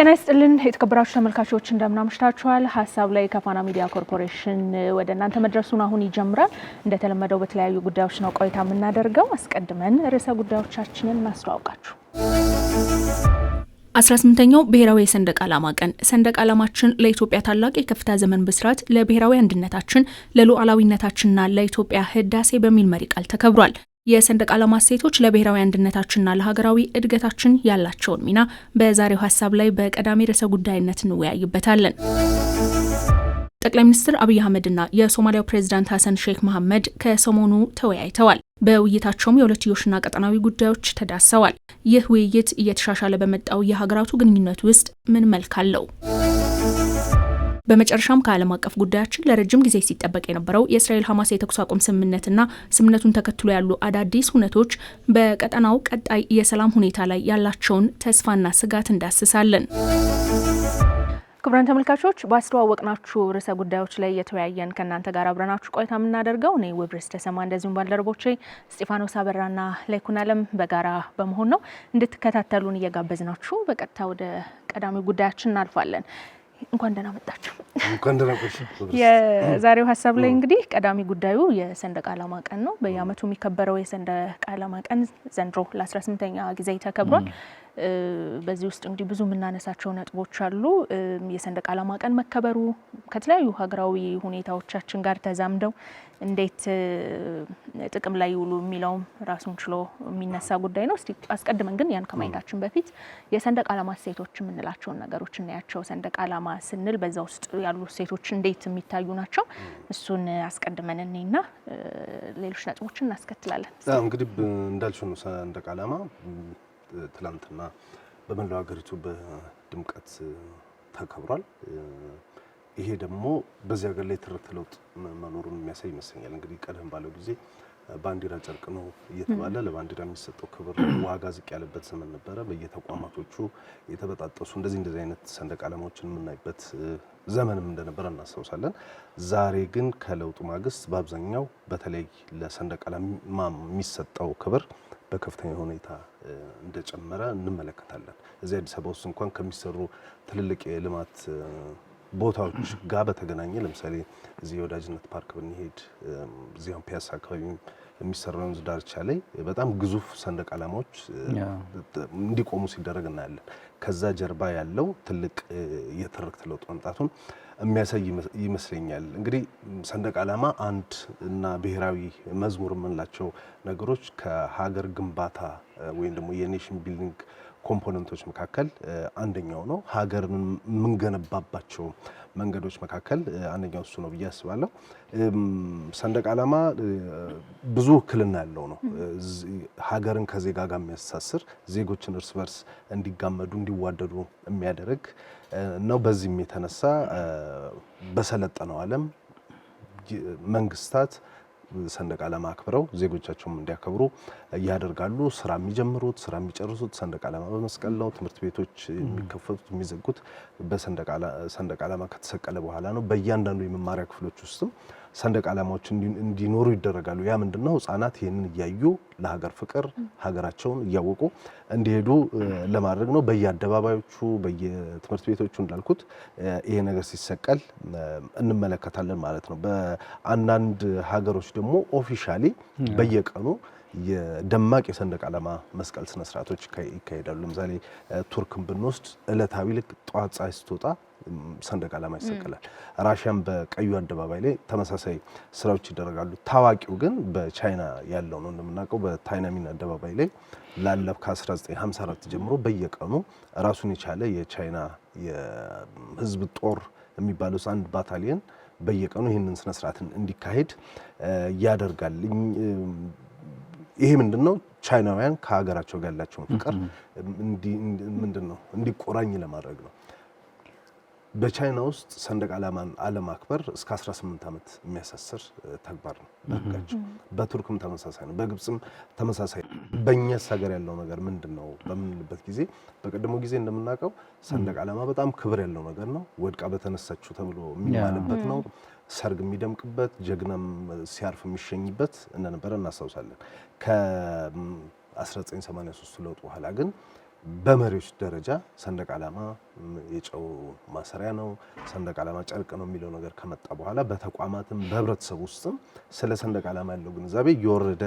ጤና ይስጥልን የተከበራችሁ ተመልካቾች እንደምናምሽታችኋል። ሀሳብ ላይ ከፋና ሚዲያ ኮርፖሬሽን ወደ እናንተ መድረሱን አሁን ይጀምራል። እንደተለመደው በተለያዩ ጉዳዮች ነው ቆይታ የምናደርገው። አስቀድመን ርዕሰ ጉዳዮቻችንን እናስተዋውቃችሁ። 18ኛው ብሔራዊ የሰንደቅ ዓላማ ቀን ሰንደቅ ዓላማችን ለኢትዮጵያ ታላቅ የከፍታ ዘመን ብስራት፣ ለብሔራዊ አንድነታችን፣ ለሉዓላዊነታችንና ለኢትዮጵያ ህዳሴ በሚል መሪ ቃል ተከብሯል። የሰንደቅ ዓላማ እሴቶች ለብሔራዊ አንድነታችንና ለሀገራዊ እድገታችን ያላቸውን ሚና በዛሬው ሀሳብ ላይ በቀዳሚ ርዕሰ ጉዳይነት እንወያይበታለን። ጠቅላይ ሚኒስትር አብይ አህመድና የሶማሊያው ፕሬዚዳንት ሀሰን ሼክ መሐመድ ከሰሞኑ ተወያይተዋል። በውይይታቸውም የሁለትዮሽና ቀጠናዊ ጉዳዮች ተዳሰዋል። ይህ ውይይት እየተሻሻለ በመጣው የሀገራቱ ግንኙነት ውስጥ ምን መልክ አለው? በመጨረሻም ከዓለም አቀፍ ጉዳያችን ለረጅም ጊዜ ሲጠበቅ የነበረው የእስራኤል ሐማስ የተኩስ አቁም ስምምነትና ስምምነቱን ተከትሎ ያሉ አዳዲስ ሁነቶች በቀጠናው ቀጣይ የሰላም ሁኔታ ላይ ያላቸውን ተስፋና ስጋት እንዳስሳለን። ክቡራን ተመልካቾች ባስተዋወቅናችሁ ርዕሰ ጉዳዮች ላይ የተወያየን ከእናንተ ጋር አብረናችሁ ቆይታ የምናደርገው እኔ ውብርስ ተሰማ እንደዚሁም ባልደረቦቼ እስጢፋኖስ አበራና ላይኩን አለም በጋራ በመሆን ነው። እንድትከታተሉን እየጋበዝናችሁ በቀጥታ ወደ ቀዳሚ ጉዳያችን እናልፋለን። እንኳን ደህና መጣችሁ። የዛሬው ሀሳብ ላይ እንግዲህ ቀዳሚ ጉዳዩ የሰንደቅ ዓላማ ቀን ነው። በየአመቱ የሚከበረው የሰንደቅ ዓላማ ቀን ዘንድሮ ለ18ኛ ጊዜ ተከብሯል። በዚህ ውስጥ እንግዲህ ብዙ የምናነሳቸው ነጥቦች አሉ። የሰንደቅ ዓላማ ቀን መከበሩ ከተለያዩ ሀገራዊ ሁኔታዎቻችን ጋር ተዛምደው እንዴት ጥቅም ላይ ይውሉ የሚለውም ራሱን ችሎ የሚነሳ ጉዳይ ነው። እስቲ አስቀድመን ግን ያን ከማየታችን በፊት የሰንደቅ ዓላማ እሴቶች የምንላቸውን ነገሮች እናያቸው። ሰንደቅ ዓላማ ስንል በዛ ውስጥ ያሉ እሴቶች እንዴት የሚታዩ ናቸው? እሱን አስቀድመን እኔና ሌሎች ነጥቦችን እናስከትላለን። እንግዲህ እንዳልሽ ነው ሰንደቅ ዓላማ ትላንትና በመላው ሀገሪቱ በድምቀት ተከብሯል። ይሄ ደግሞ በዚህ ሀገር ላይ ትርክት ለውጥ መኖሩን የሚያሳይ ይመስለኛል። እንግዲህ ቀደም ባለው ጊዜ ባንዲራ ጨርቅ ነው እየተባለ ለባንዲራ የሚሰጠው ክብር ዋጋ ዝቅ ያለበት ዘመን ነበረ። በየተቋማቶቹ የተበጣጠሱ እንደዚህ እንደዚህ አይነት ሰንደቅ ዓላማዎችን የምናይበት ዘመንም እንደነበረ እናስታውሳለን። ዛሬ ግን ከለውጡ ማግስት በአብዛኛው በተለይ ለሰንደቅ ዓላማ የሚሰጠው ክብር በከፍተኛ ሁኔታ እንደጨመረ እንመለከታለን። እዚህ አዲስ አበባ ውስጥ እንኳን ከሚሰሩ ትልልቅ የልማት ቦታዎች ጋር በተገናኘ ለምሳሌ እዚህ የወዳጅነት ፓርክ ብንሄድ እዚያም ፒያሳ አካባቢ የሚሰራው ወንዝ ዳርቻ ላይ በጣም ግዙፍ ሰንደቅ ዓላማዎች እንዲቆሙ ሲደረግ እናያለን። ከዛ ጀርባ ያለው ትልቅ የትርክት ለውጥ መምጣቱን የሚያሳይ ይመስለኛል። እንግዲህ ሰንደቅ ዓላማ አንድ እና ብሔራዊ መዝሙር የምንላቸው ነገሮች ከሀገር ግንባታ ወይም ደግሞ የኔሽን ቢልዲንግ ኮምፖነንቶች መካከል አንደኛው ነው። ሀገርን የምንገነባባቸው መንገዶች መካከል አንደኛው እሱ ነው ብዬ አስባለሁ። ሰንደቅ ዓላማ ብዙ ውክልና ያለው ነው። ሀገርን ከዜጋ ጋር የሚያሳስር ዜጎችን እርስ በርስ እንዲጋመዱ እንዲዋደዱ የሚያደርግ ነው። በዚህም የተነሳ በሰለጠነው ዓለም መንግስታት ሰንደቅ ዓላማ አክብረው ዜጎቻቸውም እንዲያከብሩ ያደርጋሉ። ስራ የሚጀምሩት ስራ የሚጨርሱት ሰንደቅ ዓላማ በመስቀል ነው። ትምህርት ቤቶች የሚከፈቱት የሚዘጉት በሰንደቅ ዓላማ ከተሰቀለ በኋላ ነው። በእያንዳንዱ የመማሪያ ክፍሎች ውስጥም ሰንደቅ ዓላማዎች እንዲኖሩ ይደረጋሉ። ያ ምንድነው? ህጻናት ይህንን እያዩ ለሀገር ፍቅር ሀገራቸውን እያወቁ እንዲሄዱ ለማድረግ ነው። በየአደባባዮቹ በየትምህርት ቤቶቹ እንዳልኩት ይሄ ነገር ሲሰቀል እንመለከታለን ማለት ነው። በአንዳንድ ሀገሮች ደግሞ ኦፊሻሊ በየቀኑ የደማቅ የሰንደቅ ዓላማ መስቀል ስነስርዓቶች ይካሄዳሉ። ለምሳሌ ቱርክን ብንወስድ እለታዊ ልክ ጠዋት ፀሐይ ስትወጣ ሰንደቅ ዓላማ ይሰቀላል። ራሽያን በቀዩ አደባባይ ላይ ተመሳሳይ ስራዎች ይደረጋሉ። ታዋቂው ግን በቻይና ያለው ነው እንደምናውቀው በታይናሚን አደባባይ ላይ ላለፍ ከ1954 ጀምሮ በየቀኑ ራሱን የቻለ የቻይና የህዝብ ጦር የሚባለው አንድ ባታሊየን በየቀኑ ይህንን ስነስርዓትን እንዲካሄድ ያደርጋል። ይሄ ምንድን ነው? ቻይናውያን ከሀገራቸው ጋር ያላቸውን ፍቅር ምንድን ነው እንዲቆራኝ ለማድረግ ነው። በቻይና ውስጥ ሰንደቅ ዓላማን አለማክበር እስከ 18 ዓመት የሚያሳስር ተግባር ነው በህጋቸው። በቱርክም ተመሳሳይ ነው፣ በግብፅም ተመሳሳይ ነው። በእኛስ ሀገር ያለው ነገር ምንድን ነው በምንልበት ጊዜ በቀደሞ ጊዜ እንደምናውቀው ሰንደቅ ዓላማ በጣም ክብር ያለው ነገር ነው። ወድቃ በተነሳችሁ ተብሎ የሚማልበት ነው። ሰርግ የሚደምቅበት፣ ጀግናም ሲያርፍ የሚሸኝበት እንደነበረ እናስታውሳለን። ከ1983 ለውጥ በኋላ ግን በመሪዎች ደረጃ ሰንደቅ ዓላማ የጨው ማሰሪያ ነው፣ ሰንደቅ ዓላማ ጨርቅ ነው የሚለው ነገር ከመጣ በኋላ በተቋማትም በህብረተሰብ ውስጥም ስለ ሰንደቅ ዓላማ ያለው ግንዛቤ እየወረደ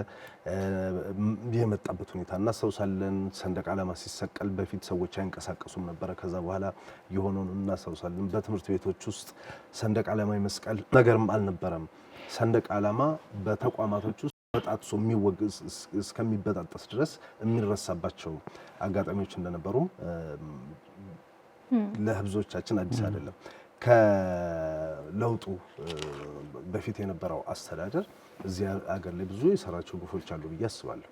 የመጣበት ሁኔታ እናስታውሳለን። ሰንደቅ ዓላማ ሲሰቀል በፊት ሰዎች አይንቀሳቀሱም ነበረ። ከዛ በኋላ የሆነውን እናስታውሳለን። በትምህርት ቤቶች ውስጥ ሰንደቅ ዓላማ የመስቀል ነገርም አልነበረም። ሰንደቅ ዓላማ በተቋማቶች ተበጣጥሶ እስከሚበጣጠስ ድረስ የሚረሳባቸው አጋጣሚዎች እንደነበሩ ለህብዞቻችን አዲስ አይደለም። ከለውጡ በፊት የነበረው አስተዳደር እዚህ አገር ላይ ብዙ የሰራቸው ግፎች አሉ ብዬ አስባለሁ።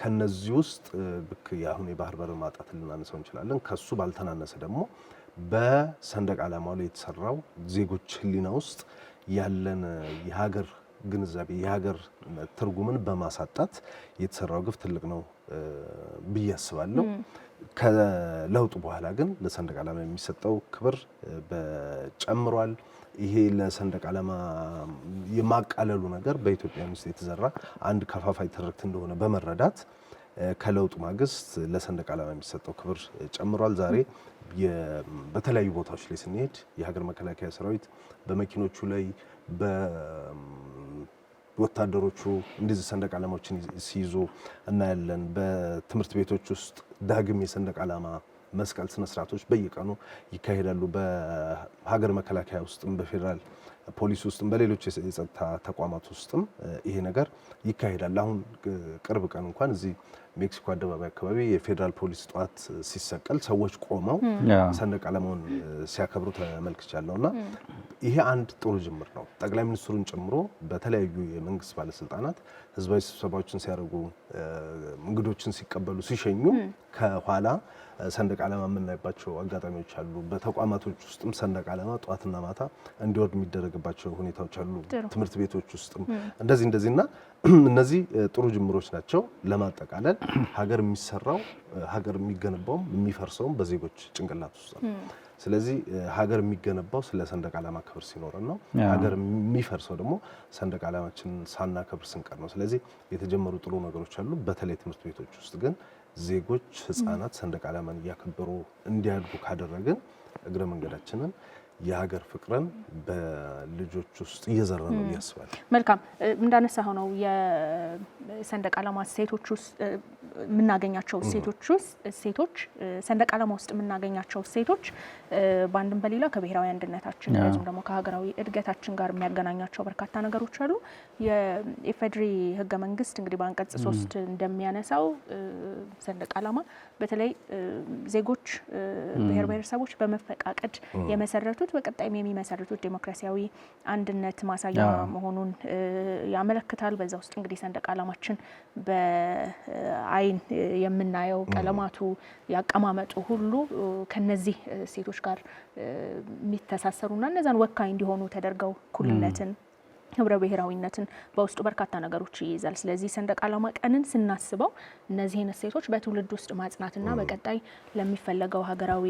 ከነዚህ ውስጥ ልክ የአሁን የባህር በር ማጣት ልናነሳው እንችላለን። ከሱ ባልተናነሰ ደግሞ በሰንደቅ ዓላማ ላይ የተሰራው ዜጎች ህሊና ውስጥ ያለን የሀገር ግንዛቤ የሀገር ትርጉምን በማሳጣት የተሰራው ግፍ ትልቅ ነው ብዬ አስባለሁ። ከለውጡ በኋላ ግን ለሰንደቅ ዓላማ የሚሰጠው ክብር ጨምሯል። ይሄ ለሰንደቅ ዓላማ የማቃለሉ ነገር በኢትዮጵያ ውስጥ የተዘራ አንድ ከፋፋይ ትርክት እንደሆነ በመረዳት ከለውጡ ማግስት ለሰንደቅ ዓላማ የሚሰጠው ክብር ጨምሯል። ዛሬ በተለያዩ ቦታዎች ላይ ስንሄድ የሀገር መከላከያ ሰራዊት በመኪኖቹ ላይ ወታደሮቹ እንደዚህ ሰንደቅ ዓላማዎችን ሲይዙ እናያለን። በትምህርት ቤቶች ውስጥ ዳግም የሰንደቅ ዓላማ መስቀል ስነስርዓቶች በየቀኑ ይካሄዳሉ። በሀገር መከላከያ ውስጥም በፌዴራል ፖሊስ ውስጥም በሌሎች የጸጥታ ተቋማት ውስጥም ይሄ ነገር ይካሄዳል። አሁን ቅርብ ቀን እንኳን እዚህ ሜክሲኮ አደባባይ አካባቢ የፌዴራል ፖሊስ ጠዋት ሲሰቀል ሰዎች ቆመው ሰንደቅ ዓላማውን ሲያከብሩ ተመልክቻለሁ እና ይሄ አንድ ጥሩ ጅምር ነው። ጠቅላይ ሚኒስትሩን ጨምሮ በተለያዩ የመንግስት ባለስልጣናት ህዝባዊ ስብሰባዎችን ሲያደርጉ፣ እንግዶችን ሲቀበሉ፣ ሲሸኙ ከኋላ ሰንደቅ ዓላማ የምናይባቸው አጋጣሚዎች አሉ። በተቋማቶች ውስጥም ሰንደቅ ዓላማ ጠዋትና ማታ እንዲወርድ የሚደረግ የምናደርግባቸው ሁኔታዎች አሉ። ትምህርት ቤቶች ውስጥም እንደዚህ እንደዚህ እነዚህ ጥሩ ጅምሮች ናቸው። ለማጠቃለል ሀገር የሚሰራው ሀገር የሚገነባውም የሚፈርሰውም በዜጎች ጭንቅላት ውስጥ ነው። ስለዚህ ሀገር የሚገነባው ስለ ሰንደቅ ዓላማ ክብር ሲኖረን ነው። ሀገር የሚፈርሰው ደግሞ ሰንደቅ ሳና ሳናከብር ስንቀር ነው። ስለዚህ የተጀመሩ ጥሩ ነገሮች አሉ። በተለይ ትምህርት ቤቶች ውስጥ ግን ዜጎች ህጻናት ሰንደቅ ዓላማን እያከበሩ እንዲያድጉ ካደረግን እግረ መንገዳችንን የሀገር ፍቅርን በልጆች ውስጥ እየዘረ ነው ያስባል። መልካም እንዳነሳ ነው የሰንደቅ ዓላማ ሴቶች ውስጥ የምናገኛቸው ሴቶች ውስጥ ሴቶች ሰንደቅ ዓላማ ውስጥ የምናገኛቸው ሴቶች በአንድም በሌላ ከብሔራዊ አንድነታችን ወይም ደግሞ ከሀገራዊ እድገታችን ጋር የሚያገናኛቸው በርካታ ነገሮች አሉ። የኢፌዴሪ ህገ መንግስት እንግዲህ በአንቀጽ ሶስት እንደሚያነሳው ሰንደቅ ዓላማ በተለይ ዜጎች ብሔር ብሔረሰቦች በመፈቃቀድ የመሰረቱ የሚያደርጉት በቀጣይም የሚመሰርቱት ዴሞክራሲያዊ አንድነት ማሳያ መሆኑን ያመለክታል። በዛ ውስጥ እንግዲህ ሰንደቅ ዓላማችን በአይን የምናየው ቀለማቱ፣ ያቀማመጡ ሁሉ ከነዚህ ሴቶች ጋር የሚተሳሰሩና እነዛን ወካይ እንዲሆኑ ተደርገው እኩልነትን ህብረ ብሔራዊነትን በውስጡ በርካታ ነገሮች ይይዛል። ስለዚህ ሰንደቅ ዓላማ ቀንን ስናስበው እነዚህን እሴቶች በትውልድ ውስጥ ማጽናትና በቀጣይ ለሚፈለገው ሀገራዊ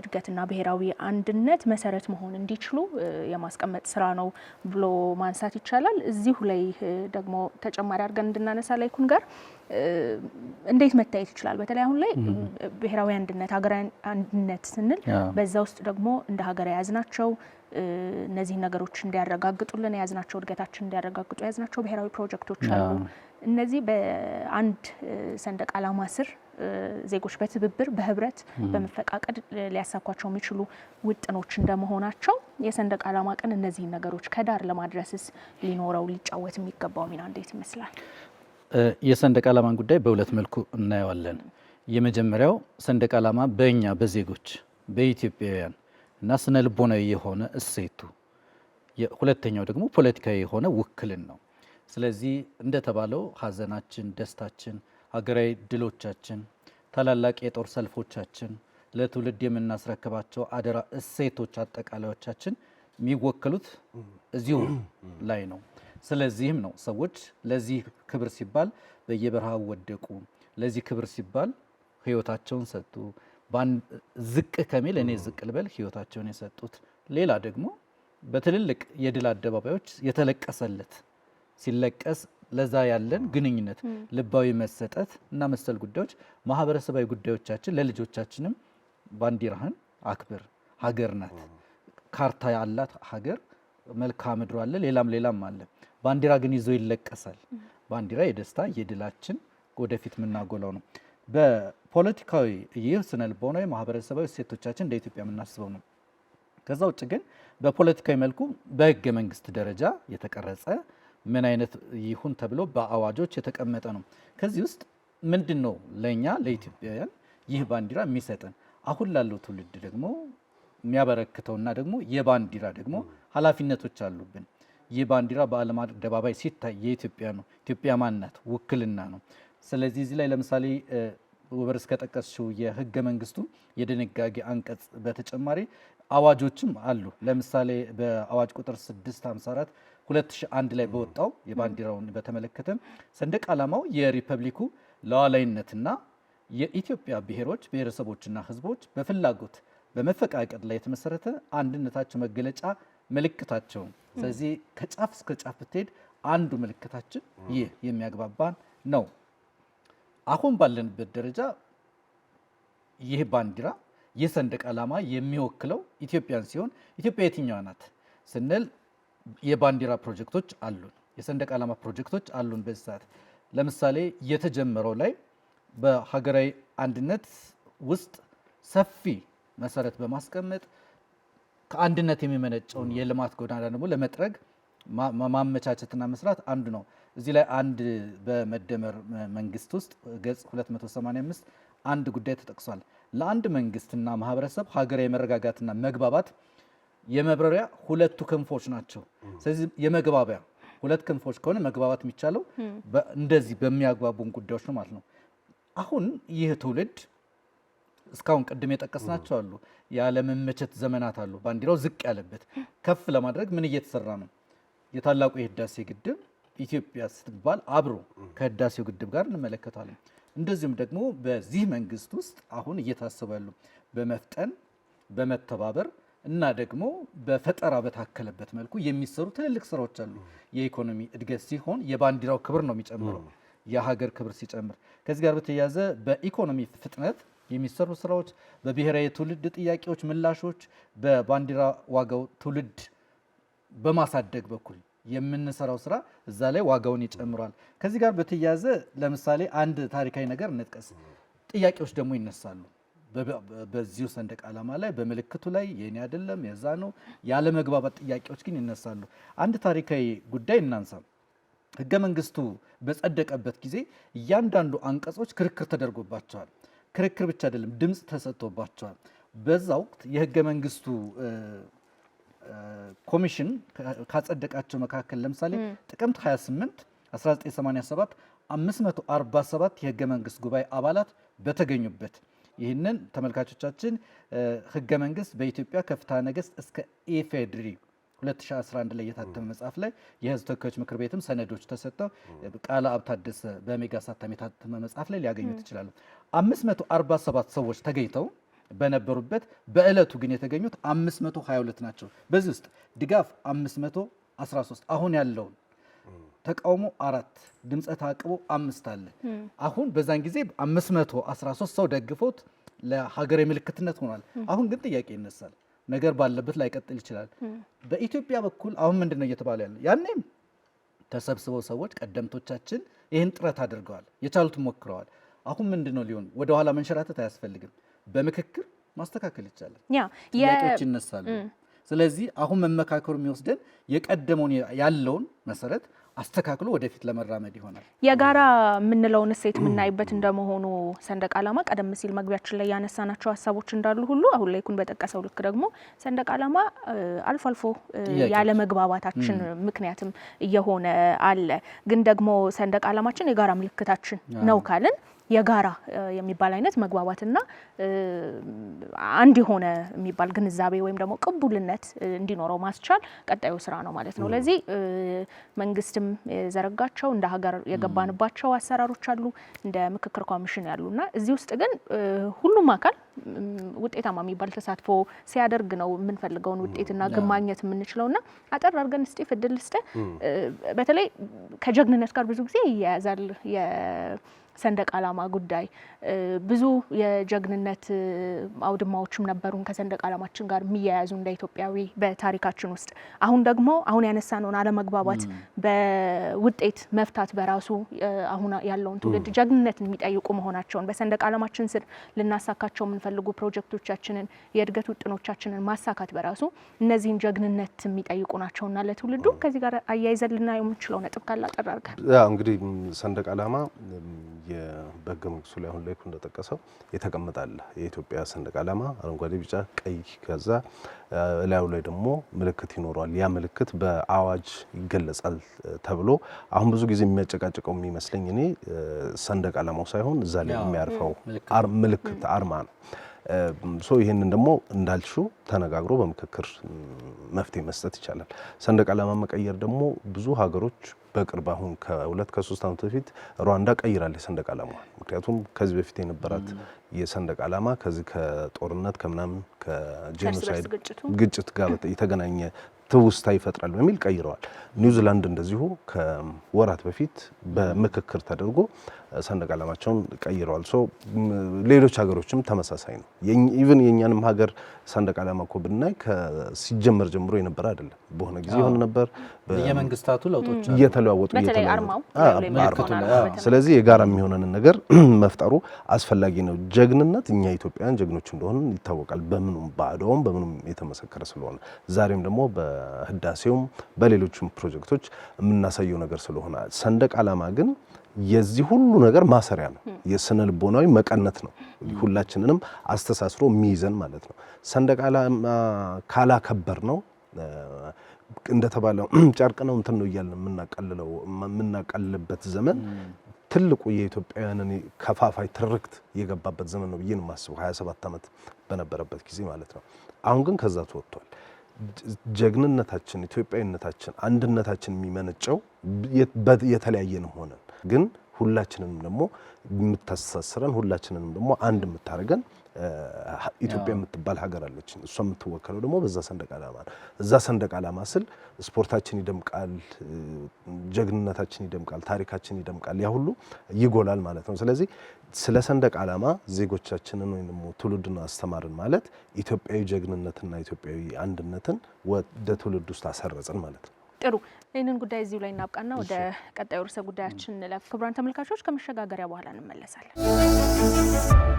እድገትና ብሔራዊ አንድነት መሰረት መሆን እንዲችሉ የማስቀመጥ ስራ ነው ብሎ ማንሳት ይቻላል። እዚሁ ላይ ደግሞ ተጨማሪ አድርገን እንድናነሳ ላይኩን ጋር እንዴት መታየት ይችላል? በተለይ አሁን ላይ ብሔራዊ አንድነት ሀገራዊ አንድነት ስንል በዛ ውስጥ ደግሞ እንደ ሀገር የያዝ ናቸው። እነዚህን ነገሮች እንዲያረጋግጡልን የያዝናቸው እድገታችን እንዲያረጋግጡ የያዝናቸው ብሔራዊ ፕሮጀክቶች አሉ። እነዚህ በአንድ ሰንደቅ ዓላማ ስር ዜጎች በትብብር በህብረት በመፈቃቀድ ሊያሳኳቸው የሚችሉ ውጥኖች እንደመሆናቸው የሰንደቅ ዓላማ ቀን እነዚህን ነገሮች ከዳር ለማድረስስ ሊኖረው ሊጫወት የሚገባው ሚና እንዴት ይመስላል? የሰንደቅ ዓላማን ጉዳይ በሁለት መልኩ እናየዋለን። የመጀመሪያው ሰንደቅ ዓላማ በእኛ በዜጎች በኢትዮጵያውያን እና ስነ ልቦናዊ የሆነ እሴቱ፣ ሁለተኛው ደግሞ ፖለቲካዊ የሆነ ውክልን ነው። ስለዚህ እንደተባለው ሀዘናችን፣ ደስታችን፣ ሀገራዊ ድሎቻችን፣ ታላላቅ የጦር ሰልፎቻችን፣ ለትውልድ የምናስረክባቸው አደራ እሴቶች አጠቃላዮቻችን የሚወከሉት እዚሁ ላይ ነው። ስለዚህም ነው ሰዎች ለዚህ ክብር ሲባል በየበረሃው ወደቁ፣ ለዚህ ክብር ሲባል ህይወታቸውን ሰጡ ዝቅ ከሚል እኔ ዝቅ ልበል ህይወታቸውን የሰጡት ሌላ ደግሞ በትልልቅ የድል አደባባዮች የተለቀሰለት ሲለቀስ ለዛ ያለን ግንኙነት ልባዊ መሰጠት እና መሰል ጉዳዮች ማህበረሰባዊ ጉዳዮቻችን ለልጆቻችንም ባንዲራህን አክብር፣ ሀገር ናት፣ ካርታ ያላት ሀገር መልካ ምድሩ አለ፣ ሌላም ሌላም አለ። ባንዲራ ግን ይዞ ይለቀሳል። ባንዲራ የደስታ የድላችን ወደፊት የምናጎላው ነው። በፖለቲካዊ ይህ ስነልቦናዊ ማህበረሰባዊ እሴቶቻችን እንደ ኢትዮጵያ የምናስበው ነው። ከዛ ውጭ ግን በፖለቲካዊ መልኩ በህገ መንግስት ደረጃ የተቀረጸ ምን አይነት ይሁን ተብሎ በአዋጆች የተቀመጠ ነው። ከዚህ ውስጥ ምንድን ነው ለእኛ ለኢትዮጵያውያን ይህ ባንዲራ የሚሰጠን አሁን ላለው ትውልድ ደግሞ የሚያበረክተውና ደግሞ የባንዲራ ደግሞ ኃላፊነቶች አሉብን። ይህ ባንዲራ በዓለም አደባባይ ሲታይ የኢትዮጵያ ነው። ኢትዮጵያ ማን ውክልና ነው። ስለዚህ እዚህ ላይ ለምሳሌ ወበር እስከጠቀስሽው የህገ መንግስቱ የድንጋጌ አንቀጽ በተጨማሪ አዋጆችም አሉ። ለምሳሌ በአዋጅ ቁጥር 654 2001 ላይ በወጣው የባንዲራውን በተመለከተ ሰንደቅ ዓላማው የሪፐብሊኩ ሉዓላዊነትና የኢትዮጵያ ብሔሮች ብሔረሰቦችና ህዝቦች በፍላጎት በመፈቃቀድ ላይ የተመሰረተ አንድነታቸው መገለጫ ምልክታቸው። ስለዚህ ከጫፍ እስከ ጫፍ ብትሄድ አንዱ ምልክታችን ይህ የሚያግባባን ነው። አሁን ባለንበት ደረጃ ይህ ባንዲራ የሰንደቅ ዓላማ የሚወክለው ኢትዮጵያን ሲሆን ኢትዮጵያ የትኛዋ ናት ስንል የባንዲራ ፕሮጀክቶች አሉን፣ የሰንደቅ ዓላማ ፕሮጀክቶች አሉን። በዚህ ሰዓት ለምሳሌ የተጀመረው ላይ በሀገራዊ አንድነት ውስጥ ሰፊ መሰረት በማስቀመጥ ከአንድነት የሚመነጨውን የልማት ጎዳና ደግሞ ለመጥረግ ማመቻቸትና መስራት አንዱ ነው። እዚህ ላይ አንድ በመደመር መንግስት ውስጥ ገጽ 285 አንድ ጉዳይ ተጠቅሷል። ለአንድ መንግስትና ማህበረሰብ ሀገራዊ መረጋጋትና መግባባት የመብረሪያ ሁለቱ ክንፎች ናቸው። ስለዚህ የመግባቢያ ሁለት ክንፎች ከሆነ መግባባት የሚቻለው እንደዚህ በሚያግባቡን ጉዳዮች ነው ማለት ነው። አሁን ይህ ትውልድ እስካሁን ቅድም የጠቀስናቸው አሉ፣ ያለመመቸት ዘመናት አሉ። ባንዲራው ዝቅ ያለበት ከፍ ለማድረግ ምን እየተሰራ ነው? የታላቁ የህዳሴ ግድብ ኢትዮጵያ ስትባል አብሮ ከህዳሴው ግድብ ጋር እንመለከታለን። እንደዚሁም ደግሞ በዚህ መንግስት ውስጥ አሁን እየታሰቡ ያሉ በመፍጠን በመተባበር እና ደግሞ በፈጠራ በታከለበት መልኩ የሚሰሩ ትልልቅ ስራዎች አሉ። የኢኮኖሚ እድገት ሲሆን የባንዲራው ክብር ነው የሚጨምረው፣ የሀገር ክብር ሲጨምር። ከዚህ ጋር በተያያዘ በኢኮኖሚ ፍጥነት የሚሰሩ ስራዎች፣ በብሔራዊ ትውልድ ጥያቄዎች ምላሾች፣ በባንዲራ ዋጋው ትውልድ በማሳደግ በኩል የምንሰራው ስራ እዛ ላይ ዋጋውን ይጨምሯል። ከዚህ ጋር በተያያዘ ለምሳሌ አንድ ታሪካዊ ነገር እንጥቀስ። ጥያቄዎች ደግሞ ይነሳሉ። በዚሁ ሰንደቅ ዓላማ ላይ በምልክቱ ላይ የኔ አይደለም የዛ ነው ያለመግባባት ጥያቄዎች ግን ይነሳሉ። አንድ ታሪካዊ ጉዳይ እናንሳ። ህገ መንግስቱ በጸደቀበት ጊዜ እያንዳንዱ አንቀጾች ክርክር ተደርጎባቸዋል። ክርክር ብቻ አይደለም ድምፅ ተሰጥቶባቸዋል። በዛ ወቅት የህገ መንግስቱ ኮሚሽን ካጸደቃቸው መካከል ለምሳሌ ጥቅምት 28 1987 547 የህገ መንግስት ጉባኤ አባላት በተገኙበት ይህንን ተመልካቾቻችን ህገ መንግስት በኢትዮጵያ ከፍትሐ ነገስት እስከ ኢፌድሪ 2011 ላይ የታተመ መጽሐፍ ላይ የህዝብ ተወካዮች ምክር ቤትም ሰነዶች ተሰጥተው ቃለ አብ ታደሰ በሜጋ ሳታም የታተመ መጽሐፍ ላይ ሊያገኙት ይችላሉ። 547 ሰዎች ተገኝተው በነበሩበት በእለቱ ግን የተገኙት 522 ናቸው። በዚህ ውስጥ ድጋፍ 513 አሁን ያለውን ተቃውሞ አራት ድምፀ ተአቅቦ አምስት አለ። አሁን በዛን ጊዜ 513 ሰው ደግፎት ለሀገራዊ ምልክትነት ሆኗል። አሁን ግን ጥያቄ ይነሳል። ነገር ባለበት ላይቀጥል ይችላል። በኢትዮጵያ በኩል አሁን ምንድን ነው እየተባለ ያለ? ያኔም ተሰብስበው ሰዎች ቀደምቶቻችን ይህን ጥረት አድርገዋል፣ የቻሉት ሞክረዋል። አሁን ምንድን ነው ሊሆን ወደኋላ መንሸራተት አያስፈልግም። በምክክር ማስተካከል ይቻላል። ጥያቄዎች ይነሳሉ። ስለዚህ አሁን መመካከሩ የሚወስደን የቀደመውን ያለውን መሰረት አስተካክሎ ወደፊት ለመራመድ ይሆናል። የጋራ የምንለውን እሴት የምናይበት እንደመሆኑ ሰንደቅ ዓላማ ቀደም ሲል መግቢያችን ላይ ያነሳናቸው ሀሳቦች እንዳሉ ሁሉ አሁን ላይ ኩን በጠቀሰው ልክ ደግሞ ሰንደቅ ዓላማ አልፎ አልፎ ያለ መግባባታችን ምክንያትም እየሆነ አለ። ግን ደግሞ ሰንደቅ ዓላማችን የጋራ ምልክታችን ነው ካልን የጋራ የሚባል አይነት መግባባትና አንድ የሆነ የሚባል ግንዛቤ ወይም ደግሞ ቅቡልነት እንዲኖረው ማስቻል ቀጣዩ ስራ ነው ማለት ነው። ለዚህ መንግስት ስም የዘረጋቸው እንደ ሀገር የገባንባቸው አሰራሮች አሉ፣ እንደ ምክክር ኮሚሽን ያሉና እዚህ ውስጥ ግን ሁሉም አካል ውጤታማ የሚባል ተሳትፎ ሲያደርግ ነው የምንፈልገውን ውጤትና ግብ ማግኘት የምንችለው። ና አጠር አድርገን እስጢፍ ፍድል ስጠ በተለይ ከጀግንነት ጋር ብዙ ጊዜ ይያያዛል ሰንደቅ ዓላማ ጉዳይ ብዙ የጀግንነት አውድማዎችም ነበሩን ከሰንደቅ ዓላማችን ጋር የሚያያዙ እንደ ኢትዮጵያዊ በታሪካችን ውስጥ። አሁን ደግሞ አሁን ያነሳነውን አለመግባባት በውጤት መፍታት በራሱ አሁን ያለውን ትውልድ ጀግንነትን የሚጠይቁ መሆናቸውን በሰንደቅ ዓላማችን ስር ልናሳካቸው የምንፈልጉ ፕሮጀክቶቻችንን የእድገት ውጥኖቻችንን ማሳካት በራሱ እነዚህን ጀግንነት የሚጠይቁ ናቸውና ለትውልዱ ከዚህ ጋር አያይዘን ልናየው የምንችለው ነጥብ ካላጠራርገ እንግዲህ ሰንደቅ ዓላማ በህገ መንግስቱ ላይ አሁን ላይ እንደጠቀሰው የተቀመጣለ የኢትዮጵያ ሰንደቅ ዓላማ አረንጓዴ፣ ቢጫ፣ ቀይ ከዛ እላዩ ላይ ደግሞ ምልክት ይኖረዋል። ያ ምልክት በአዋጅ ይገለጻል ተብሎ አሁን ብዙ ጊዜ የሚያጨቃጭቀው የሚመስለኝ እኔ ሰንደቅ ዓላማው ሳይሆን እዛ ላይ የሚያርፈው ምልክት አርማ ነው። ሶ ይህንን ደግሞ እንዳልሹ ተነጋግሮ በምክክር መፍትሄ መስጠት ይቻላል። ሰንደቅ ዓላማ መቀየር ደግሞ ብዙ ሀገሮች በቅርብ አሁን ከሁለት ከሶስት ዓመት በፊት ሩዋንዳ ቀይራል የሰንደቅ ዓላማ። ምክንያቱም ከዚህ በፊት የነበራት የሰንደቅ ዓላማ ከዚህ ከጦርነት ከምናምን ከጄኖሳይድ ግጭት ጋር የተገናኘ ትውስታ ይፈጥራል በሚል ቀይረዋል። ኒውዚላንድ እንደዚሁ ከወራት በፊት በምክክር ተደርጎ ሰንደቅ ዓላማቸውን ቀይረዋል። ሶ ሌሎች ሀገሮችም ተመሳሳይ ነው። ኢቭን የእኛንም ሀገር ሰንደቅ ዓላማ እኮ ብናይ ከሲጀመር ጀምሮ የነበረ አይደለም። በሆነ ጊዜ የሆነ ነበር። የመንግስታቱ ለውጦች ተለዋወጡ እየተለዋወጡ ስለዚህ የጋራ የሚሆነንን ነገር መፍጠሩ አስፈላጊ ነው። ጀግንነት እኛ ኢትዮጵያውያን ጀግኖች እንደሆነ ይታወቃል። በምኑም ባድዋም በምኑም የተመሰከረ ስለሆነ ዛሬም ደግሞ በህዳሴውም በሌሎችም ፕሮጀክቶች የምናሳየው ነገር ስለሆነ ሰንደቅ ዓላማ ግን የዚህ ሁሉ ነገር ማሰሪያ ነው። የስነ ልቦናዊ መቀነት ነው። ሁላችንንም አስተሳስሮ የሚይዘን ማለት ነው። ሰንደቅ ዓላማ ካላከበር ነው እንደተባለው ጨርቅ ነው እንትን ነው እያልን የምናቀልለው የምናቀልበት ዘመን ትልቁ የኢትዮጵያውያንን ከፋፋይ ትርክት የገባበት ዘመን ነው ብዬ ነው የማስበው። 27 ዓመት በነበረበት ጊዜ ማለት ነው። አሁን ግን ከዛ ተወጥቷል። ጀግንነታችን፣ ኢትዮጵያዊነታችን፣ አንድነታችን የሚመነጨው የተለያየንም ሆነን ግን ሁላችንንም ደግሞ የምታስተሳስረን ሁላችንንም ደግሞ አንድ የምታደርገን ኢትዮጵያ የምትባል ሀገር አለች። እሷ የምትወከለው ደግሞ በዛ ሰንደቅ ዓላማ ነው። እዛ ሰንደቅ ዓላማ ስል ስፖርታችን ይደምቃል፣ ጀግንነታችን ይደምቃል፣ ታሪካችን ይደምቃል፣ ያ ሁሉ ይጎላል ማለት ነው። ስለዚህ ስለ ሰንደቅ ዓላማ ዜጎቻችንን ወይም ደግሞ ትውልድን አስተማርን ማለት ኢትዮጵያዊ ጀግንነትና ኢትዮጵያዊ አንድነትን ወደ ትውልድ ውስጥ አሰረጽን ማለት ነው። ጥሩ ይህንን ጉዳይ እዚሁ ላይ እናብቃና ወደ ቀጣዩ ርዕሰ ጉዳያችን እንለፍ። ክቡራን ተመልካቾች ከመሸጋገሪያ በኋላ እንመለሳለን።